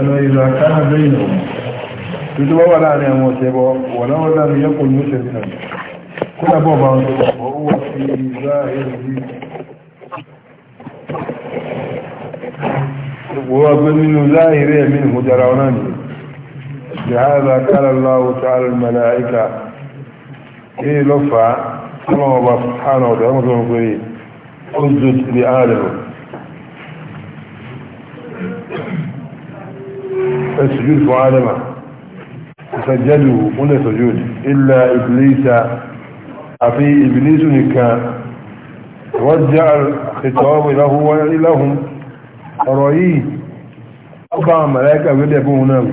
أنه إذا كان بينهم يتبوا ولا أن يموتبوا ولو لم يكن مشركا كل بابا وهو في ظاهره وهو من ظاهره منه جرعوناني لهذا قال الله تعالى الملائكة إيه لفع الله سبحانه وتعالى اسجد لآدم السجود في عالمه، سجدوا من السجود، إلا إبليس أفي إبليس نكا رجع الخطاب له وإلهم رأيه أبا ملايكة وليبونا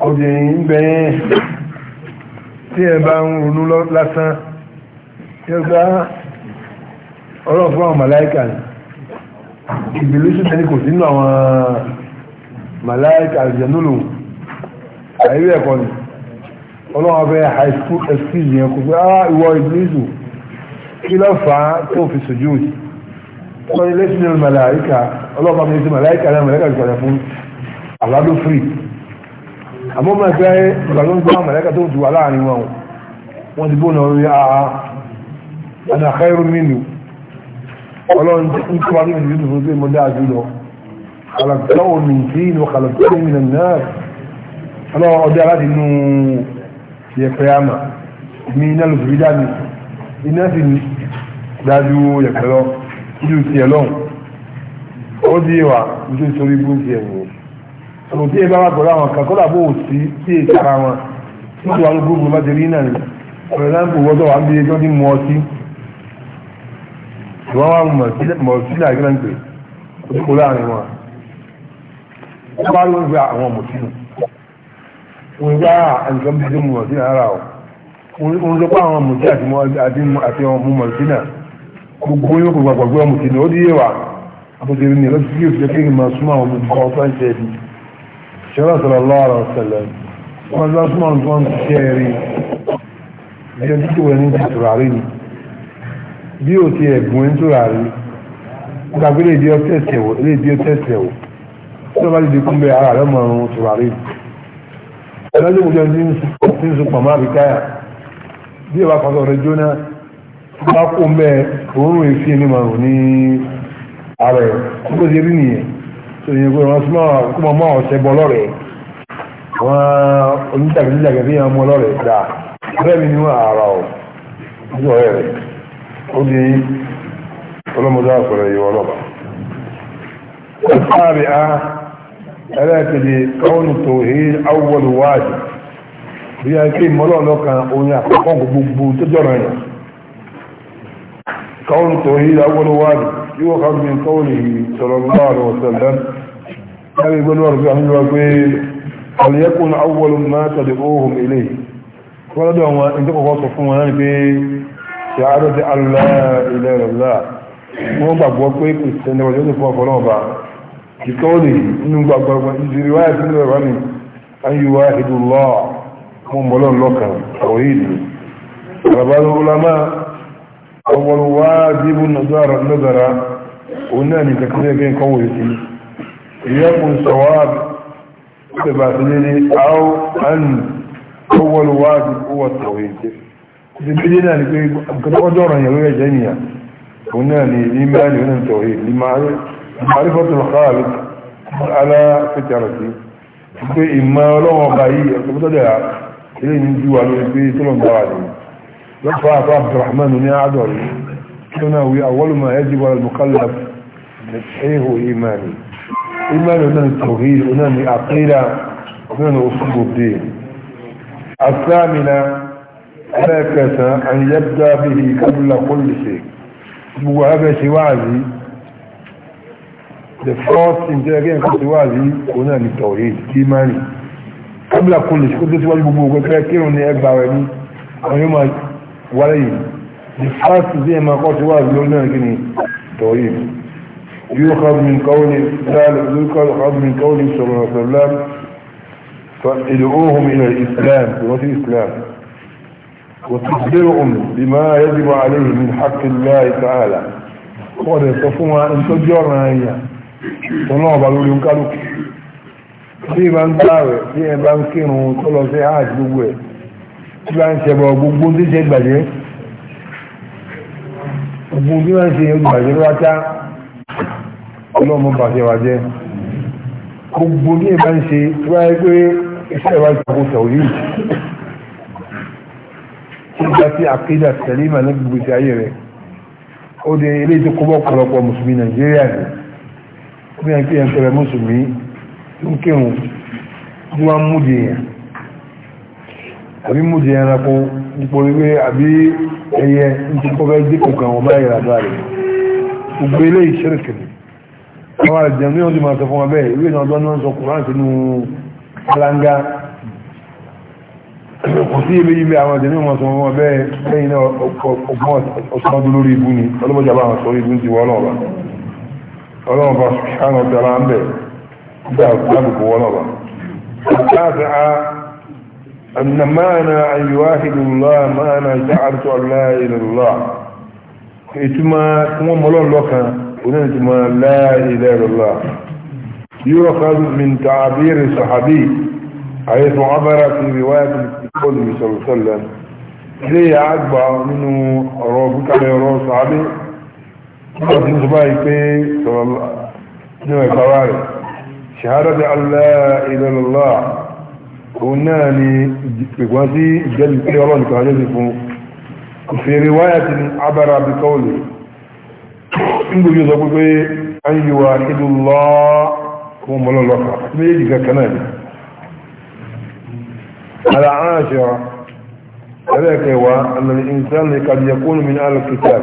أجين بين تيبان ونولو لسان يبقى ọlọ́fún àwọn màláìkà ìbìlísù tẹ́lẹ̀ kò màláìkà àjẹnúlù àìrí ẹ̀kọ́ ni ọlọ́wọ́ abẹ́ high school excuse yẹn kò pé ah ìwọ ìbílísù kí ló fà á tó fi sojú òjì wọ́n ilé sínú màláìkà ọlọ́wọ́ mi sí màláìkà náà màláìkà ti padà fún àládó free àmọ́ mọ̀ pé ìgbà ló ń gbọ́ màláìkà tó ti wà láàrin wọn wọ́n ti bóna orí àá àdàkẹ́rù nínú ọlọ́run tó ń kọ́ wá nínú ìdílé tó fún pé mo dáa jù lọ خلقته من طين وخلقته من النار ọlọ́wọ́ ọdẹ aláti nù yẹ̀pẹ̀ àmà ní iná ló fi dá mi iná sì dájú yẹ̀pẹ̀ lọ ojú tiẹ̀ lọ́hùn ó di wa ojú sórí ibú tiẹ̀ wò ọ̀rọ̀ tí ẹ bá wà pẹ̀lú àwọn kan kọ́lá bó sí sí ìtara wọn tí wọ́n ló gbogbo bá ti rí náà ni ọ̀rẹ́ náà ń bò wọ́tọ̀ wà ń bí ẹjọ́ ní mọ́ ọtí ìwọ́n wà mọ̀ sí làgbẹ́ náà ń pè ó ti kó láàrin wọn bá ló gba àwọn mùsùlùmí wọn gbá àǹkan bí i mọ̀ sí ara ọ̀ wọn ló pa àwọn mùsùlùmí àti àti àwọn mùsùlùmí gbogbo yóò kó gbàgbọ́ gbọ́ mùsùlùmí ó díye wa àbúté ní lọ́sí kí òṣìṣẹ́ kí n máa súnmọ́ àwọn olùkọ́ ọ̀sán ṣe ẹ̀dí ṣẹlá sọ̀rọ̀ lọ́ọ̀rọ̀ ṣẹlẹ̀ wọn lọ súnmọ́ nǹkan ṣe ẹ̀rí ìjọ títí wọn ní tùràrí ni bí ó ti ẹ̀gbọ́n tùràrí gbàgbé lè di ọ́ tẹ̀sẹ̀ wò tó bá dìde kún bẹ́ẹ̀ ara rẹ̀ mọ̀ ọ̀run tùwárí ẹlọ́jọ́ mo jẹ́ ní sùpọ̀ máa fi káyà bí ẹ bá fọ́sọ̀ rẹ̀ jóná bá kó ń bẹ́ẹ̀ òórùn èéfì ẹni mọ̀ ọ̀run ní ara ẹ̀ kókó ṣe rí nìyẹn tó yẹ kó wọn súnmọ́ kó mọ mọ́ ọ̀sẹ̀ bọ́ lọ́rẹ̀ wọn oníjàgídíjàgẹ̀ fi hàn mọ́ lọ́rẹ̀ dà bẹ́ẹ̀ mi ni wọ́n àrà ọ̀ ẹlẹ́ẹ̀kejì kọ́ọ̀nù tó hí awọ́lù wáàdì bí i kí mọ́lọ́ọ̀lọ́ kan orin àkọ́kọ́ gbogbo tó jọ̀rọ̀ yẹn kọ́ọ̀nù tó hí awọ́lù wáàdì kan bí kọ́ọ̀nù yìí sọ̀rọ̀ láàrọ̀ ọ̀sẹ̀lẹ̀ lábẹ́ ìgbẹ́ lọ́rọ̀ bí àwọn pé ọ̀lẹ́kùn awọ́lù máa tẹ̀lé ohun ilé wọ́n wọn sọ بقوله إنه بأبابا إذا رواية إنه رغني أن يواحد الله هم بلون لك توحيد فبعض العلماء أول واجب النظر النظر وناني كثير كين قوتي يكون صواب تبعثني أو أن أول واجب هو التوحيد بدينا نقول كده دورا يا جميع وناني إيمان ونان توحيد لمعرفة معرفة الخالق على فترتي في إما لو غاي تبدا إلي من جوا في تلون دوالي رفع عبد الرحمن من عدل كنا هو أول ما يجب على المكلف نتحيه إيماني إيمان هنا التوحيد هنا عقيدة هنا أصول الدين الثامنة هكذا أن يبدأ به قبل كل شيء وهذا شيء وعزي the first thing tẹ́lẹ̀ kí ẹ̀kọ́ ti wá sí òun the ní tọ̀wé tí máa ní kábílà college kó tó síwájú gbogbo ogun fẹ́ kírun ní ẹgbà rẹ̀ ní àwọn yóò máa wáyé yìí the first thing tẹ́lẹ̀ máa kọ́ ti wá sí òun náà kí ni tọ̀wé يؤخذ من قول يؤخذ من قول صلى الله عليه وسلم فادعوهم الى الاسلام بوجه الاسلام وتخبرهم بما يجب عليه من حق الله تعالى قد يصفوها ان تجرنا اياه tọ́lọ́wọ́ bá lórí oúnkálùkù tí ẹ bá ń gbààwẹ̀ tí ẹ bá ń kírun tó lọ sí hajj gbogbo ẹ̀ tí bá ń ṣẹbọ gbogbo tí ṣe gbàjẹ́ gbogbo tí wọ́n ṣe gbàjẹ́ wáta ọlọ́mọ bàjẹ́ wájẹ́ gbogbo tí ẹ bá ń ṣe tí wáyé pé iṣẹ́ ìwà ìtàkùn sàwùrí tí bá ti àkídà sẹ̀límà ní gbogbo ti ayé rẹ̀ ó di ilé ìtòkọ́bọ̀ ọ̀pọ̀lọpọ̀ mùsùlùmí nàìjíríà nìyí bí i ẹgbẹ́ ẹ̀pẹ̀rẹ̀ mùsùlùmí tó ń kírun tí wọ́n múdì èèyàn àbí múdì ẹranko nípo wípé àbí ẹyẹ nítorí kọ́ fẹ́ dípò kan wọ́n bá yẹra bá rẹ̀ gbogbo ilé ìṣẹ́rìkì ni àwọn àjẹm ní ọdún máa sọ fún wọn bẹ́ẹ̀ ìwé ìdánwò tó ń sọ kùrán sínú alángá kò sí ibi ibi àwọn àjẹm ní ọmọ sọ fún wọn bẹ́ẹ̀ lẹ́yìn náà ọgbọ́n ọ̀sán ọdún lórí ibu ni ọlọ́mọdé àbáwọn sọ ibu ti wọ́n náà ọlọ́run bá ṣùgbọ́n ọ̀tẹ́lá ń bẹ̀ bí àgbàgbò ọlọ́ba التاسعة أن معنى أن يواحد الله معنى جعلت أن لا إله إلا الله إتما كما ملون لك ونتما لا إله إلا الله يؤخذ من تعبير صحابي حيث عبر في رواية النبي صلى الله عليه وسلم ليه أكبر منه ربك عليه صحابي ọ̀rọ̀ ní ṣùgbọ́n ìpé sọ̀rọ̀ ní ẹ̀kọ́wà rẹ̀ ṣàhádàtì aláìlọ́lọ́lá òun náà ni ìpẹ̀gbọ́n sí ìjẹ́lì pé ọlọ́run kan jẹ́ sí fún fèrè wáyà ti abára bí kọ́ọ̀lù nígbò yóò sọ pé an yi wa ilu lọ fún mọ́lọ́lọ́ka àti méjì kankan náà ni ala an ṣe ẹlẹ́kẹ̀wá annal insan ne kàdìyàkónù min alkitab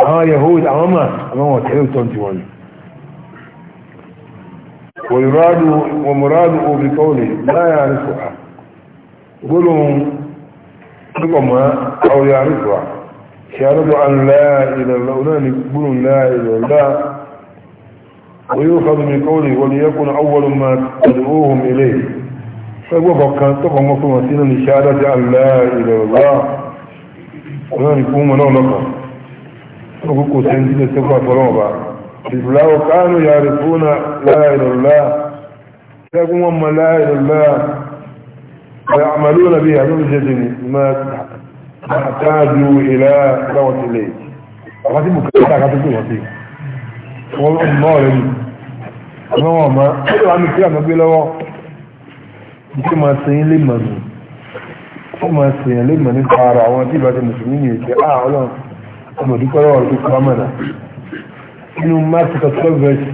اه يهود اماما اماما تحيو تنتوان ومراده بقوله لا يعرفها قلهم قلهم او يعرفها شارد ان لا الى الاولان قلهم لا الى لا ويوخذ من قوله وليكن اول ما تدعوهم اليه فوفق كان طبعا مصر مسيرا لشهادة لا الى الله ويكون منه نقص وكو سنجد سفا فلوبا الفلاح كانوا يعرفون لا إله إلا الله يقوم أما لا إله إلا الله ويعملون بها من جدني ما احتاجوا إلى دعوة إليه وهذه مكتبة كتبوا وفيه والله لي أنا وما أنا عم كلام أبي لو كما سين لمن كما سين لمن قارع وانتي بعد المسلمين يقول آه ọmọdé kọ́ lọ́wọ́ tó kọ́ mọ̀nà nínú Mark twelve verse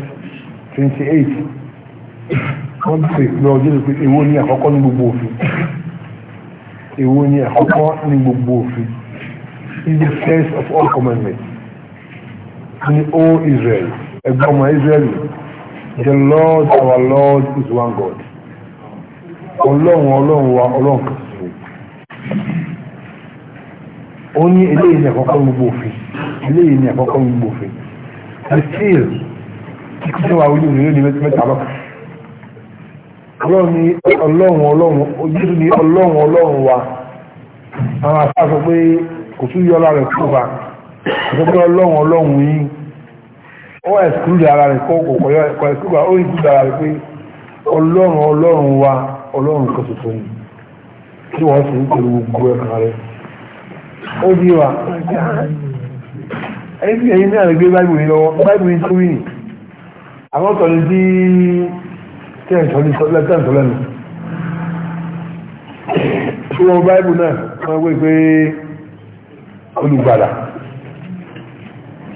twenty eight wọ́n bèrè lọ jésù pé èwo ni àkọ́kọ́ ní gbogbo òfin èwo ni àkọ́kọ́ ní gbogbo òfin is the first of all commandments ní all Israel ẹgbẹ́ ọmọ Israel the Lord our Lord is one God ọlọ́run ọlọ́run wa ọlọ́run kan ó ní eléyìí ní ẹ̀kọ́kọ́ gbogbo òfin eléyìí ní ẹ̀kọ́kọ́ gbogbo òfin àìsíl kíkú tó wà ojú ìrírí ní mẹ́ta lọ ọlọ́run ọlọ́run ọlọ́run ojú ni ọlọ́run ọlọ́run wa àwọn afá sọ pé kò tún yọ ara rẹ̀ kú wa sọ pé ọlọ́run ọlọ́run yìí ó ẹ̀sìkúrú ara rẹ̀ kọ́ kò kọ́ ẹ̀sìkúrú ó rí kúrú ara rẹ̀ pé ọlọ́run ọlọ́run wa ọlọ́run kan tuntun ni tí wọ́n sì ń pẹ̀lú gbogbo ẹ̀kan rẹ̀ ó bí wa ẹni tí ẹ̀yin náà lè gbé báìbù yìí lọ́wọ́ báìbù yìí tó yìí àwọn tọ̀lé tí tí ẹ̀ sọ́lé sọ́lé tẹ̀ sọ́lé nù tí wọ́n báìbù náà wọ́n wé pé olùgbàlà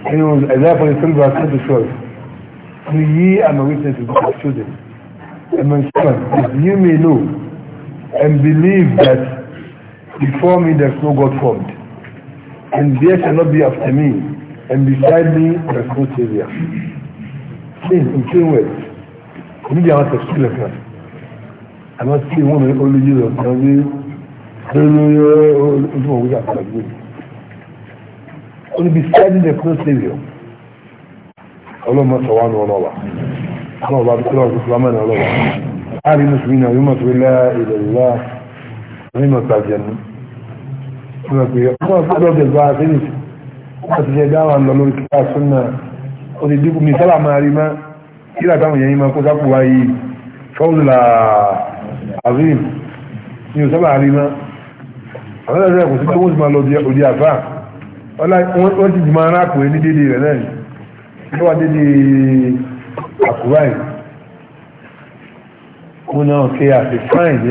nínú ẹ̀dá ìfọ̀lẹ́ sílvà sẹ́ńtì ṣọ́ọ̀lù ni yí àmà witnesses of children and my son you may know and believe that Before me there is no God formed, and there shall not be after me, and beside me there is no Savior. Sin in three words, oníbi àwọn tẹ̀sílẹ̀ kan, àmọ́ sí ìwọ̀n mi olóyè rẹ̀ kan ní lórí ojúmọ̀ wíjà pàdé. Only beside me there is no Savior. Ọlọ́mọ sọ wá ní ọlọ́wà. Ọlọ́wà bí ọlọ́wà bí ní ọlọ́wà. Àárín Mùsùlùmí náà yóò mọ̀ sí ilé ìlẹ̀ ìlà onímọ̀ tàbí ẹnu ọmọ pé ọmọ fọ́dọ̀ bẹ̀rù àṣírí láti jẹ dáwà lọ lórí kíkà súnà ó ti dínkù mi sábà máa rí má kí látàwọn èèyàn yìí máa kó sápò wá yìí fọ́ọ̀lá azim ni ò sábà rí má àwọn ẹ̀rọ kò sí pé wọ́n ti máa lọ òdi àfà wọ́n ti máa rán àpò ní dédé rẹ̀ náà ní wọ́n dédé àkùrá yìí wọ́n náà kí àti fáìn ní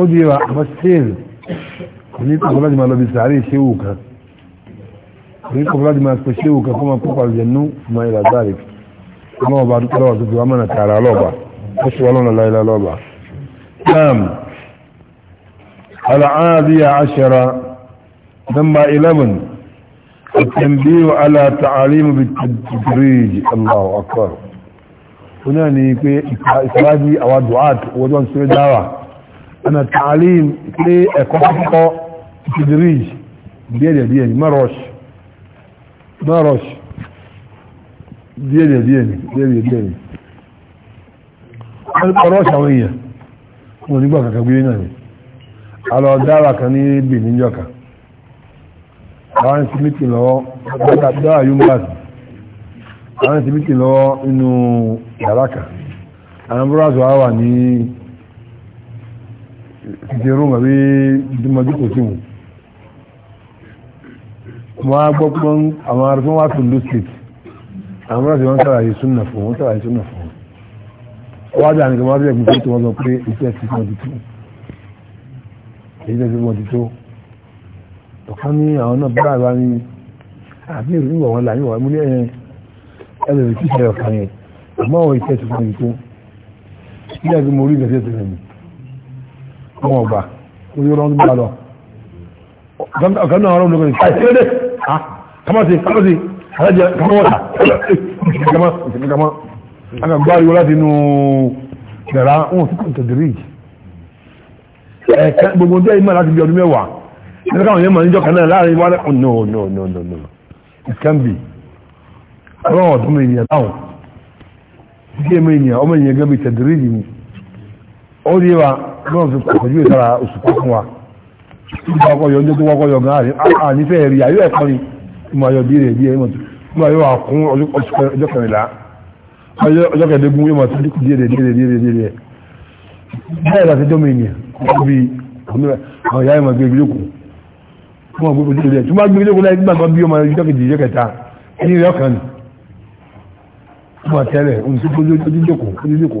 ó di wa àmọ́ sèèrè kò ní kọ̀ọ̀kan láti máa lọ bí sàárè ṣéwù kan kò ní kọ̀ọ̀kan láti máa pè ṣéwù kan kó máa kó pàlù jẹ̀ nú máa ìlà gbáre ọlọ́wọ́ bá التنبيه على تعاليم بالتدريج الله أكبر هنا نيكي إسراجي أو دعاة أنا التعليم ليه كحقة تدريج ديالي ديالي ما روش ما روش ديالي ديالي ديالي ديالي ọ̀rọ̀ ṣàwọn èèyàn wọn nígbà kankan gbé náà ni alọ́ dára kan ní bì níjọ́ kan àwọn ìsinmítì lọ́wọ́ dára yúmbàtì àwọn ìsinmítì lọ́wọ́ nínú yàrá kan àwọn búrọ́sù wà ní ìdèrò màbí dùmọ̀jú kò sí wọn mo á gbọ́ pọ́n àwọn arúgbó wá tún ló street àwọn mìíràn sì wọ́n sàlàyé súnà fún wọ́n sàlàyé súnà fún wọ́n wájà nìkan wọ́n bẹ̀rẹ̀ gbogbo tó wọ́n sọ pé iṣẹ́ ti wọ́n ti tó iṣẹ́ ti wọ́n ti tó ọ̀kan ní àwọn náà bá àgbà ní àbí ìwọ̀ wọn là níwọ̀ múlẹ̀ yẹn ẹlẹ́rìí ti ṣe ọ̀kan yẹn àmọ́ àwọn ti wọ́n ti tó ilé ẹgbẹ́ mo rí ìgbésẹ̀ tẹ̀lé mi wọn ọgbà orí ọlọ́run gbà lọ ọ̀kan náà ọlọ́run lókè ṣàìsílẹ̀ kamasi lọ́n fi pàtàkì ìtara oṣù fún wa wọ́kọ̀ yọ ọjọ́ tó wọ́kọ̀ yọ gan àrí ànífẹ́ rí àyọ́ ẹ̀kọ́ ni mo ayọ̀ bí rẹ̀ bí ẹ̀ mo ayọ̀ àkún ọjọ́ kẹrìnlá ọjọ́ kẹrìndínlógún yóò máa tó dínkù díẹ̀ díẹ̀ díẹ̀ díẹ̀ díẹ̀ bẹ́ẹ̀ láti jọ́mọ ènìyàn wọ́n bí àwọn ìyá ìmọ̀ gbé ìgbélókù wọ́n gbé ìgbélókù díẹ̀ tó máa gbé ìgbélókù láì gbàgbọ́ bí ọmọ ọjọ́ kejì ìjọ kẹta ẹni rẹ̀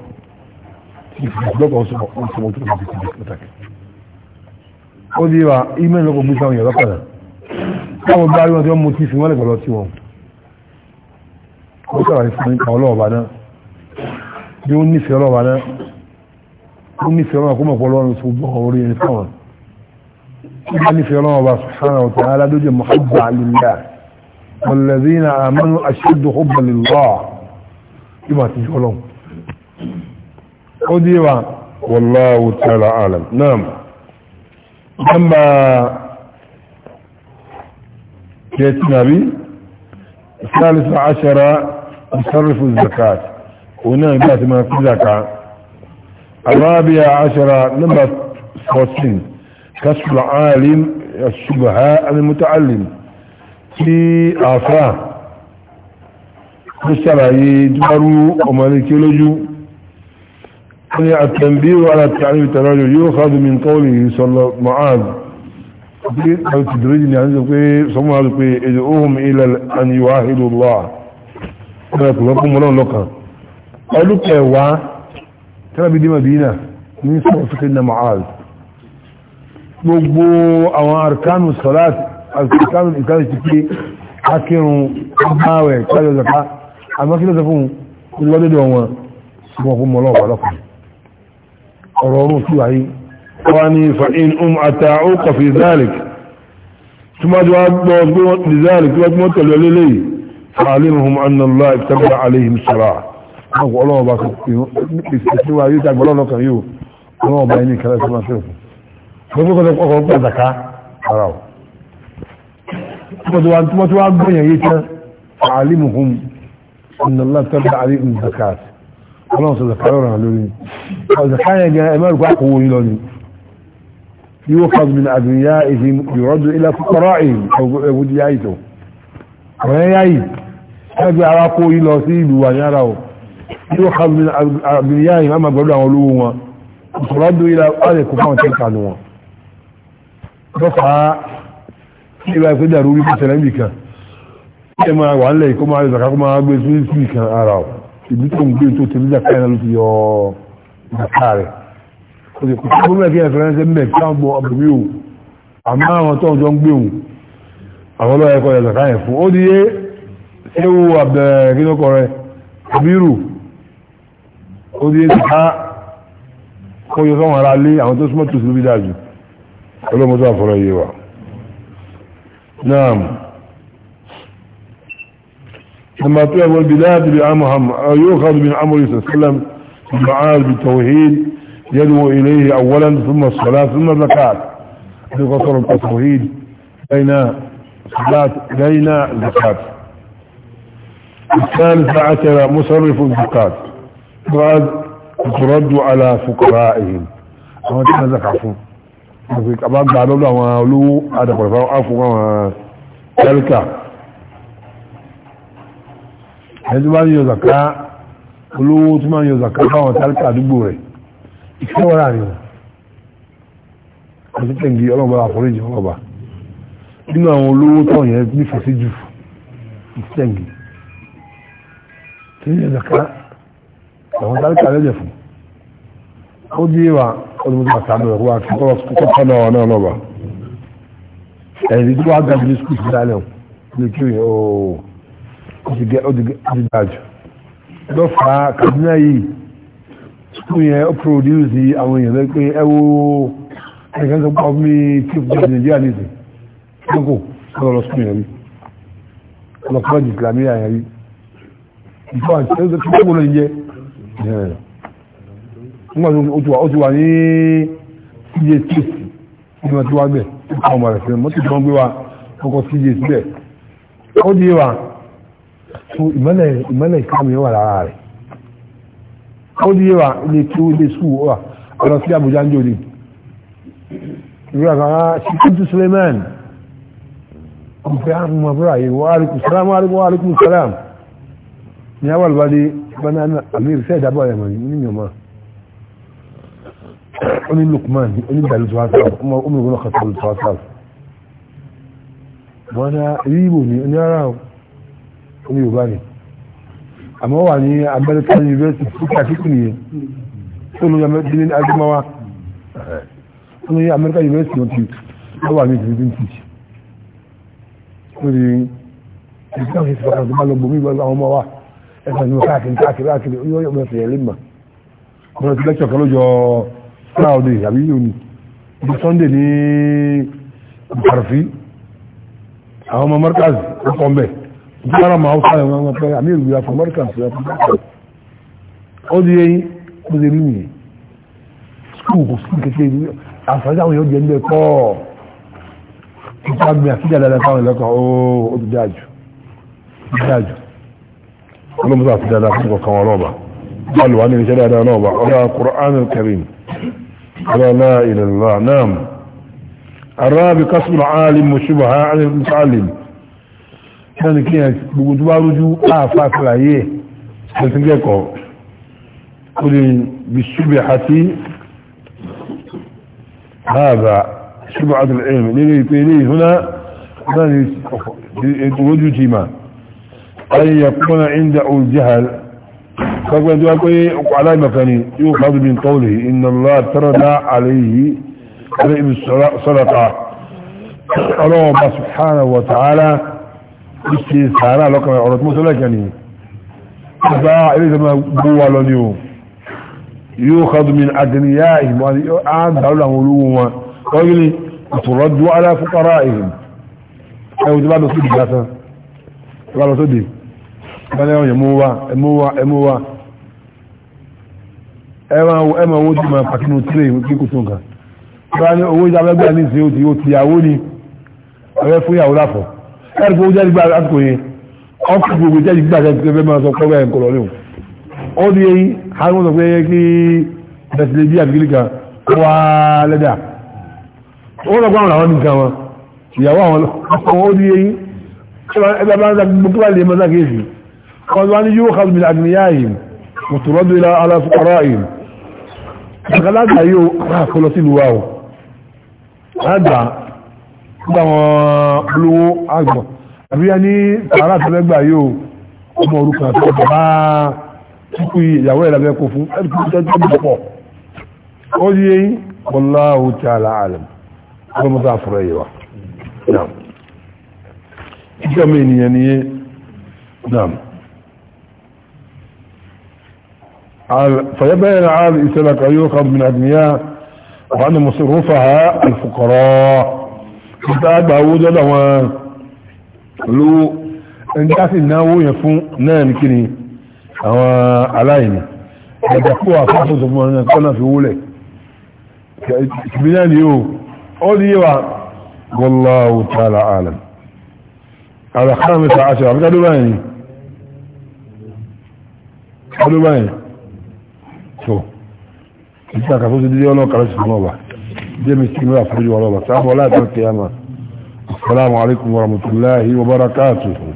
ìfìdíjọba ọ̀sọ̀mọ̀ ọ̀sọ̀mọ̀ tó ti di pàtàkì ó di wa email lọ́kọ̀ gbé sáwọn yàrá padà káwọn bá rí wọn tí wọ́n mú tí fi wọ́n lè gbọ́lọ́ tí wọn ó sọ̀rọ̀ ní fún ìkà ọlọ́ọ̀bá náà bí ó nífẹ̀ẹ́ ọlọ́ọ̀bá náà ó nífẹ̀ẹ́ ọlọ́ọ̀bá kó mọ̀ pọ̀ lọ́rùn tó gbọ́ orí ẹni fáwọn ó nífẹ̀ẹ́ ọlọ́ọ̀bá subhanahu wa ta'ala lójú أديوا والله تعالى أعلم نعم أما كيت نبي الثالث عشر يصرف الزكاة ونعم ذات ما في زكاة الرابع عشر نمبر 14 كشف العالم الشبهاء المتعلم في آفاه ó ṣàlàyé dúbárú ọmọlé kí lójú هي التنبيه على التعريف التراجع يؤخذ من قوله صلى معاذ أو تدريج يعني ثم ادعوهم إلى أن يواحدوا الله لكم ولو لقى قالوا كيوا ترى بدي مدينة من سيدنا معاذ gbogbo àwọn arkanu salat arkanu ìtàlẹ̀ ti pé akírun agbáwẹ̀ kájọ zaka àmọ́kílẹ̀ sọ fún wọn sí fún mọ́lọ́pàá قرارو سلحي قاني فإن أم أتاعوك في ذلك ثم جواب بوضوء لذلك جواب موتل وليلي فعلمهم أن الله اكتبع عليهم الشراع أقول الله باك بسلوا يتعب الله نطعيو الله بايني كلا سمع شوف فقط لك أقول لك ذكا حراو فدوان تمتوا عبدين يتعب فعلمهم أن الله اكتبع عليهم الزكاة ọlọ́run sọ zaka lọ́rọ̀ lórí ọ̀zàká yẹn gan ẹ̀mọ́ ìgbà kò wọ́n lọ ni yíwọ́ fagmin àdúnyá ìhì yọ̀rọ̀dù ilẹ̀ kọ́rọ̀ ẹ̀wùdí yáyì tó ọ̀rẹ́ yáyì ẹgbẹ́ ara kó yí lọ sí ìlú wà ní ara o yíwọ́ fagmin àdúnyá ìhì máa gbọ́dọ̀ àwọn olówó wọn yọ̀rọ̀dù ilẹ̀ ọ̀rẹ́ kò fáwọn tẹ́ka nù wọn. máa wà ń lẹ̀ kó máa zaka kó máa gbé sí ìsìn ara o ìlú tó ń gbé tó ti níjà káyọ̀ ló ti yọ ìgbàká rẹ̀ o ti kò tó gbọ́dọ̀ kí ẹ̀fẹ̀ ránṣẹ́ mẹ́ kí wọ́n gbọ́ ọbẹ̀ mi ò àmọ́ àwọn tó ń jọ ń gbé òun àwọn ọlọ́ọ̀ ẹ̀kọ́ yẹn zàká fún ó di yé ewu abẹ́rẹ́ kí lọ́kọ̀ rẹ̀ abiru ó di yé zàká kó yọ sọ́wọ́n ara lé àwọn tó súnmọ́ tòṣìlú bí dájú ọlọ́mọdé àfọlọ́ yé wa náà لما تقول البلاد بعمها يؤخذ من عمر صلى الله عليه وسلم المعاد بالتوحيد يدعو إليه أولا ثم الصلاة ثم الزكاة لقصر التوحيد بين صلاة بين الزكاة الثالث عشر مصرف الزكاة قد ترد على فقرائهم أما كان زكافون أبقى بعد الله ولو هذا ẹni tó bá ń yọ zaka olówó tó máa ń yọ zaka fáwọn tálíkà àdúgbò rẹ̀ ìfẹ́ wọ́n láàrin wọn àti tẹ̀gì ọlọ́ba àforíjì ọlọ́ba nínú àwọn olówó tó yẹn nífẹ̀ẹ́ sí jù ìtẹ̀gì tó yẹ zaka àwọn tálíkà lẹ́jẹ̀ fún ó dí wa ọdún àtàdọ̀ ẹ̀kọ́ wa kí ọlọ́ kọ́kọ́ tọ́nà ọ̀nà ọlọ́ba ẹ̀yìn tó wá gàdúrí skul sí lálẹ́ ò ní kí ó ó ti gẹ́ ó ti gbàjù lọ́fà Kaduna yìí school yẹn ó produce àwọn èèyàn lẹ́ pé ẹ wo ẹ̀kan sọ pọ̀ mí chief judge Nigeria nìsín lóko ọlọ́lọ́ school yẹn rí ọlọ́kọ́ jù Islamiyà yẹn rí ìfọ́ àti ẹ̀rọ tó kí wọ́n jẹ́ nígbà tó wà ní CJ state nígbà tó wà bẹ̀ ọmọ rẹ̀ fẹ́ mọ́tò tó ń gbé wa ọkọ̀ CJ síbẹ̀ ó di wa tú ìmọ́lẹ̀ ìmọ́lẹ̀ ìkàmì wà lára rẹ̀ ó di yẹwà ilé tí ó lé sùn wà ọ̀rọ̀ sí Àbújá ń jò ní ìlú àkàrà ṣíkútù Suleiman ọ̀fẹ́ àrùn àbúrà yìí wà áríkù sàrám áríkù áríkù sàrám ní àwọn àlùbádé báná àmì ìrìsẹ́ ìdábọ̀ ẹ̀mọ̀ ní ìyọ̀mọ́ ó Lukman ó ní ìdàlú ọmọ òmìnira kan tó wá wọ́n ní ibò ah, ní oní ara ọ̀ orí yorùbá ni àmọ́ wà ní American University fúkà kíkù nìyẹn tó lóye amẹ́ríkà ní adúmáwá tó lóye American University wọn ti lọ́wọ́ àmì ìdílé ní tìjì lórí ìdílé àwọn ìṣẹ̀fọ́ kan tó bá lọ gbòmí ìgbà àwọn ọmọ wa ẹ̀sán ní wọn káàkiri káàkiri káàkiri ó yọ ọmọ ẹ̀sìn ẹ̀lẹ́mà ọmọ ti lẹ́kṣọ̀ kan lójọ Friday àbí yóò ní ibi Sunday ní Barfi àwọn ọmọ Markaz ó kọ́ ìjọba máa ń fáyọ̀ wọn pẹ́ àmì ìlú afọ amẹ́ríkà sí ọkọ̀ ó di eyín ó di rí nìyí skul kò skul kékeré ní àfájà àwọn èèyàn jẹ́ níbẹ̀ pọ̀ ìjọba gbìn àfíjà dáadáa fáwọn ẹlẹ́kọ̀ọ́ ó ti dáa jù dáa jù ọlọ́mọdé àti dáadáa fún kọ̀ọ̀kan wọn lọ́ọ̀bà bọ́ọ̀lù ní iṣẹ́ dáadáa lọ́ọ̀bà ọlá Qur'an al-Karim ọlá la ilaha illallah naam الرابع كسب العالم وشبهه عن المتعلم sẹ́ni kí yẹn gbogbo tó bá rújú láàfà sàlàyé ẹ̀sìnkẹ́kọ̀ọ́ ó lè bí ṣubì àti ààbà ṣubì àti ẹ̀rìn nínú ìpé ilé ìhúná náà ni ètò ojú ti mà ayé yẹkùnà ìjà olùjẹ́hàl gbogbo ẹ̀dọ́ pé ọkọ̀ aláìmọ̀kan ni yóò fàájú bí tọ́lẹ̀ iná látọ́rọ̀dá àlẹ́yìí alẹ́ ibi sọ́lọ́ta ọlọ́wọ́ bá subhanahu wa ta'ala ìṣe sàárà lọ́kàn ọ̀rọ̀ tí mo sọ lẹ́kẹ̀ẹ́ nìyí bá ilé ìjọba gbó wa lọ ni o yóò kọ́dù mi àgbẹ̀nìyà ìmọ̀ àdáwọ̀lá àwọn olówó wọn lọ́yìn ni àtùrọ̀dù aláfúkọ́rá ìhìn ẹwù tí bá lọ sódì lásán tí ẹ̀rù kó jẹ́ gbà àsìkò yẹn ọ́fíì gbogbo jẹ́ gbà àsìkò máa sọ pé bẹ́ẹ̀ kọ̀rọ̀ lẹ́hùn ó di eyín harun sọ pé kí bẹ̀sílẹ̀ bí àbíkílì kan wá lẹ́dà ó lọ gbọ́n àwọn nìkan wọn ìyàwó àwọn ọkọ̀ ó di eyín ẹgbẹ́ bá ń sa gbogbo wà lè mọ́sá kéèsì kan tó wá ní yóò kàzùmí àgbìyà yìí mùtùrọ́dù ilá aláfọ́rọ́ yìí àkàlágbà yóò kọ́ lọ sí ìlú wa o nígbà wọn olówó àgbọ̀n àbí yá ní sàárà tẹ́lẹ́gbà yóò ọmọ orúkọ àti ọjọ́ bá kíkú ìyàwó ẹ̀rọ ẹ̀kọ́ fún ẹ̀kọ́ ó di yẹn wallahu ta'ala alam ọmọ tó àfọ̀rọ̀ yìí wa náà ìjọba ènìyàn nìyẹn náà فيبين عاد إسلك أيوخا من أدنياء وأن مصروفها الفقراء ìgbàgbà owó dọ́dọ̀ wọn olówó ẹni tá sì náwó yẹn fún náà ní kíni àwọn aláìní ẹ̀dà pọ̀ àfáàfún tó fún ọ̀nà kọ́nà fi wúlẹ̀ ìbílẹ̀ ni ó ó ní yíwa wallahu ta'ala alam àlàkánà mẹ́ta aṣọ àbíká ló báyìí ló báyìí tó ìtàkà tó ti dídí ọlọ́kàrà sí fún ọba جميل سنوات حجوة الله تعالى ولا تنقيامة السلام عليكم ورحمة الله وبركاته